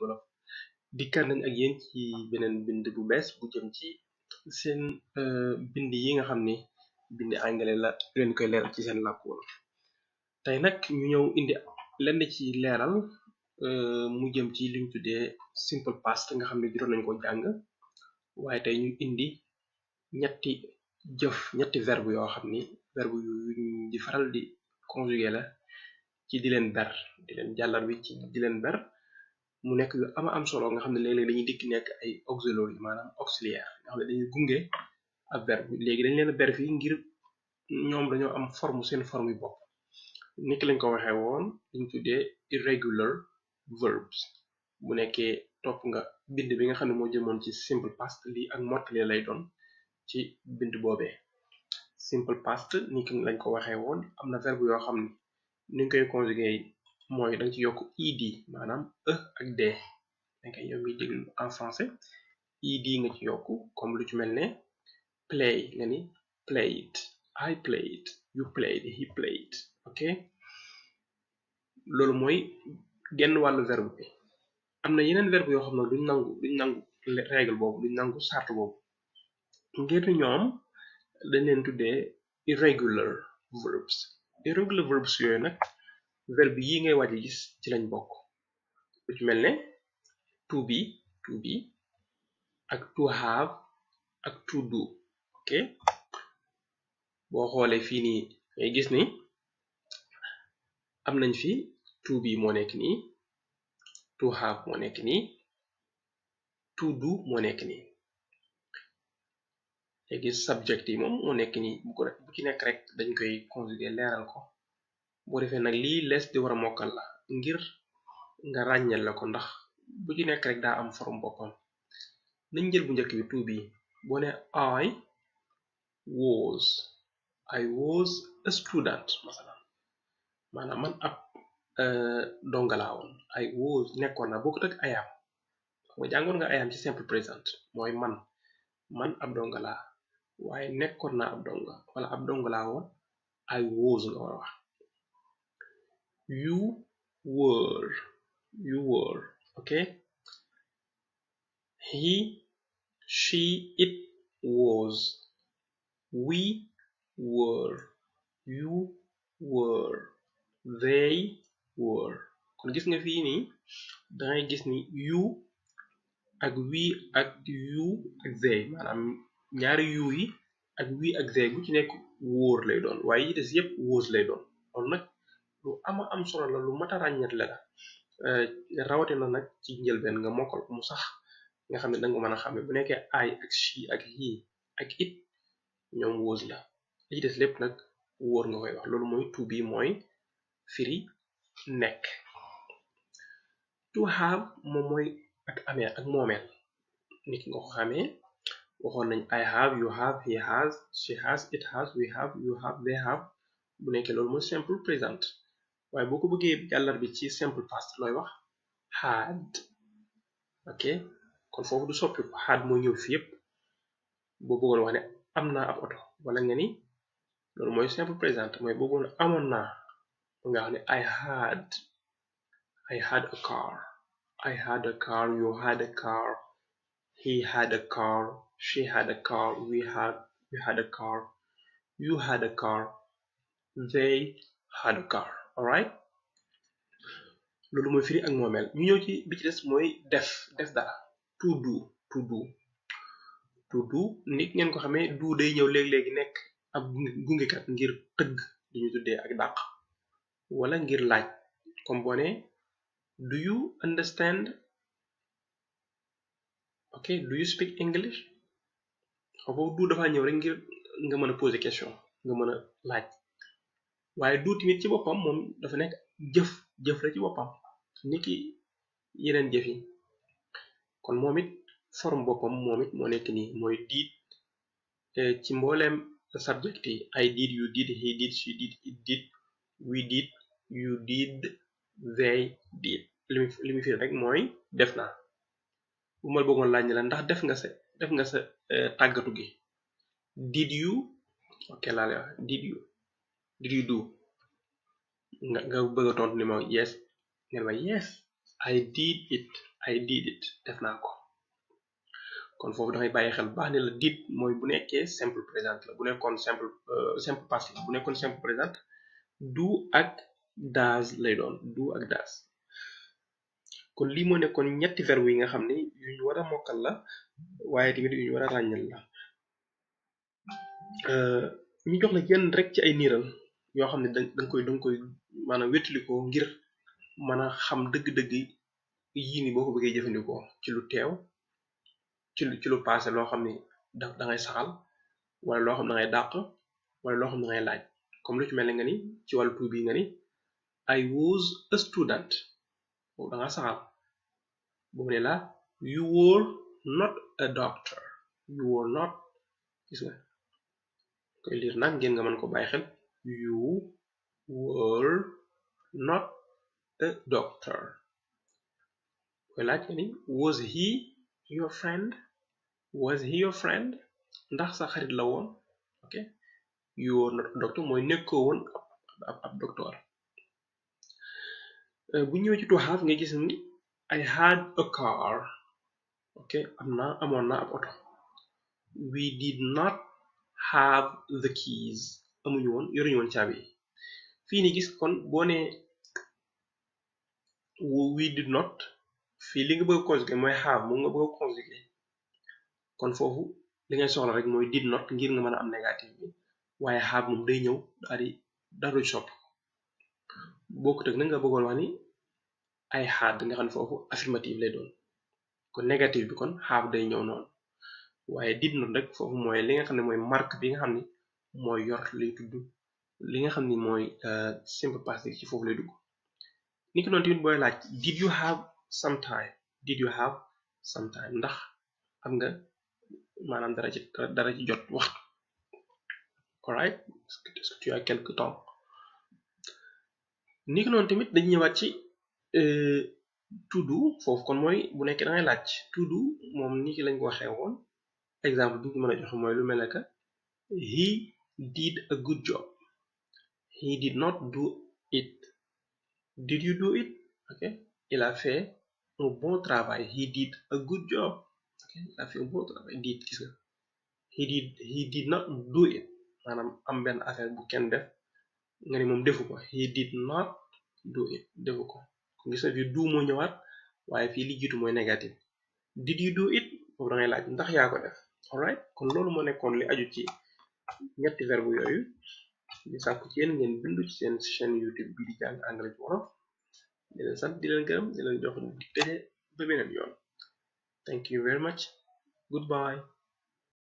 ci gitu wolof dikkaat nañ ak yeen ci beneen bind bu bees bu jëm ci seen eh, bind yi nga xam ne bind anglais la leen koy leeral ci seen làkk wolof tey nag ñu ñëw indi lenn ci leeral mu jëm ci liñ tuddee simple past nga xam ne juróon nañ ko jàng waaye tey ñu indi ñetti jëf ñetti verbe yoo xam ni verbe yu di faral di conjuguer la ci di leen ber di leen jàllar wi ci di leen ber mu nekk yu ama am solo nga xam ne léeg-léeg dañuy dikk nekk ay auxiliaire maanaam auxiliaire nga xam ne dañuy gunge ab verbe léegi dañ leen a yi ngir ñoom dañoo am forme seen forme yu bopp niki lañ ko waxee woon liñ tuddee irregular verbs bu nekkee topp nga bind bi nga xam ne moo jëmoon ci simple past lii ak mottali lay doon ci bind boobee simple past niki lañ ko waxee woon am na verbe yoo xam ne ni koy conjuguer mooy dañ ci yokk id maanaam e ak d dangay yow mi déglu en français id nga ci yokk comme lu ci mel ne play nga ni played I played you played he played ok loolu mooy genn wàllu verbe bi am na yeneen verbe yoo xam ne duñ nangu duñ nangu règle boobu duñ nangu sart boobu ngir ñoom dañ leen tuddee irregular verbs irregular verbs yooyu nag verbe yi ngay waaj a gis ci lañ bokk lu mel ne to be to be ak to ak to do boo xoolee fii nii gis ni am nañ fi to bi moo nekk ni to have moo nekk ni to do moo nekk ni léegi subject yi moom moo nekk nii bu ko bu nekk rek dañ koy conjuguer leeral ko bu defé nak li les di wara mokal la ngir nga ragnal la ndax bu ci nek rek da am forum boppam nañ jël bu ñëk bi tu bi bo ne I was I was a student masala Mana man ab euh dongala won I was nekkona bu ko ak I am xam nga ci simple present. moy man man ab dongala waye nekkona ab donga wala ab dongala won I was nga wax you were you were okay he she it was we were you were they were kon gis nga fii nii dangay gis ni you ak we ak you ak they maanaam ñaari you yi ak we ak they bu ci nekk were lay doon waaye yi des yépp was lay doon loolu nag lu ama am solo la lu mat a ràññet la eh, rawatina nag ci njëlbeen nga mokkal ko mu sax nga xam ne danga mën a xamee bu nekkee ay ak chi ak yi ak it ñoom wóos la li des lépp nag wóor nga koy wax loolu mooy to be mooy firi nekk to have moom mooy ak amee ak moomeel nit nga ko xamee waxoon nañ I have you have he has she bu nekkee loolu mooy simple present waaye boo ko bëggee jàllar bi ci simple past looy wax had ok kon foofu du soppi ko had mooy ñëw fi yëpp boo bëggoon wax ne am naa ab oto wala nga ni loolu mooy simple présent mooy boo bëggoon amoon naa nga wax ne I had I had a car I had a car you had a car he had a car she had a car we had we had a car you had a car they had a car alright loolu mooy firi ak moomeel ñu ñëw ci bi ci des mooy def def dara to do to do to do nit ngeen ko xamee do day ñëw léegi-léegi nekk ab gungekat ngir tëgg li ñu tuddee ak dàq wala ngir laaj comme boo nee do you understand ok do you speak English xaw foofu do dafa ñëw rek ngir nga mën a poser question nga mën a laaj waaye duuti nit ci bopam mom dafa nek jëf jëf la ci bopam niki yeneen jëf yi kon momit form forme boppam moom it moo nekk nii mooy ci mbollem subject yi i did you did he did she did it did we did you did they did limi muy li rek moy def na bu mal bëggoon lañ la ndax def nga sa def nga sa eh, tagatu gi did you okay la lay did you did you do nga nga bëgg tontu ni ma yes ngeen ma yes I did it I did it def naa ko kon foofu dafay eh, bàyyi xel baax ne la did mooy bu nekkee simple présent la bu nekkoon simple simple passé la bu nekkoon simple présent do ak daas lay doon do ak daas kon lii moo nekkoon ñetti verbe yi nga xam ne yu ñu war a mokkal la waaye tamit yu ñu war a ràññal la eh, ñu jox la yenn rek ci ay niiral yoo xam ne da nga koy da koy maanaam wétalikoo ngir mën a xam dëgg-dëgg yi ni boo ko bëggee jëfandikoo ci lu teew ci lu ci lu passé loo xam ne da da ngay wala loo xam ne da ngay laaj comme lu ci mel ne nga ni ci wàllu tuub bi nga ni I was a student da nga saxal bu you were not a doctor you were not gis koy liir nag ngeen nga mën ko bàyyi xel You were not a doctor. Well, actually, was he your friend? Was he your friend? ndax sa xarit la woon ok you were not a doctor mooy nekkoo woon ab ab euh, bu ñëwee ci to have nga gis ni I had a car ok am naa amoon naa ab oto we did not have the keys amuñu woon yoruñu woon caabi yi fii ni gis kon boo nee we not fii li nga bëgg a mooy have moom nga bëgg a conjuguer kon foofu li ngay soxla rek mooy did not ngir nga mën a am négatif bi waaye have moom day ñëw daal di daal di sopp bokkut ak nag nga bëggoon wax ni I had nga xam ne foofu affirmative lay doon kon négatif bi kon have day ñëw noonu waaye did not rek foofu mooy li nga xam ne mooy marque bi nga xam ni mooy yor lay tudd li nga xam ni mooy euh, simple past ci foofu lay dugg ni ki noonu tamit booy laaj did ndax am nga maanaam dara ci dara ci jot waxtu alright est-ce que tu as tamit dañu ñëwaat ci euh, to do foofu kon mooy bu nekkee da ngay laaj to moom ni ki lañ ko waxee woon exemple bi ñu joxe mooy lu mel ne que did a good job. He did not do it. Did you do it? Okay. Il a fait un bon travail. He did a good job. Okay. Il a fait un bon travail. Did He did he did not do it. Manam am ben affaire bu ken def Ngani mom defu ko. He did not do it. Defu ko. Kung gis nga fi do mo ñëwaat waye fi li jitu mo négatif. Did you do it? Boobu da ngay laaj ndax ya ko def. Alright. Kon loolu mo nekkoon li aju ci ñetti verbe yooyu di sàkku ci yéen ngeen bindu ci seen chaîne YouTube bi di jàng anglais ci wolof di leen sant di leen gërëm di leen jox di daje ba beneen yoon thank you very much goodbye